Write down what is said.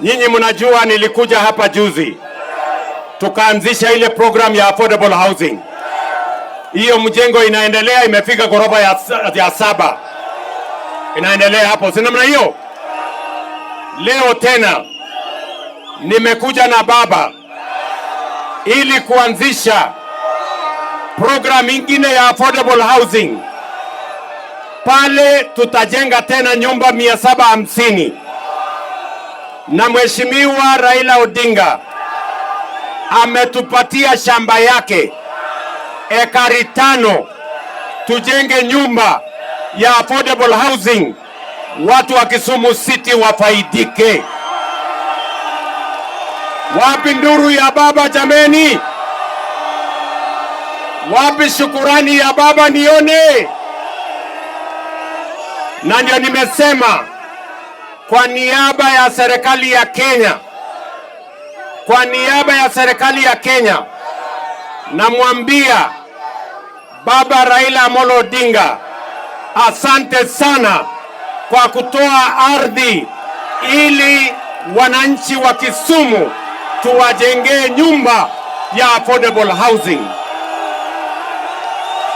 nyinyi mnajua, nilikuja hapa juzi tukaanzisha ile program ya affordable housing. Hiyo mjengo inaendelea, imefika ghorofa ya, ya saba inaendelea hapo, si namna hiyo? Leo tena nimekuja na baba ili kuanzisha program ingine ya affordable housing pale tutajenga tena nyumba mia saba hamsini na Mheshimiwa Raila Odinga ametupatia shamba yake ekari tano tujenge nyumba ya affordable housing, watu wa Kisumu City wafaidike. Wapi nduru ya baba jameni? Wapi shukurani ya baba nione? Na ndio nimesema kwa niaba ya serikali ya Kenya, kwa niaba ya serikali ya Kenya, namwambia Baba Raila Amolo Odinga, asante sana kwa kutoa ardhi ili wananchi wa Kisumu tuwajengee nyumba ya affordable housing.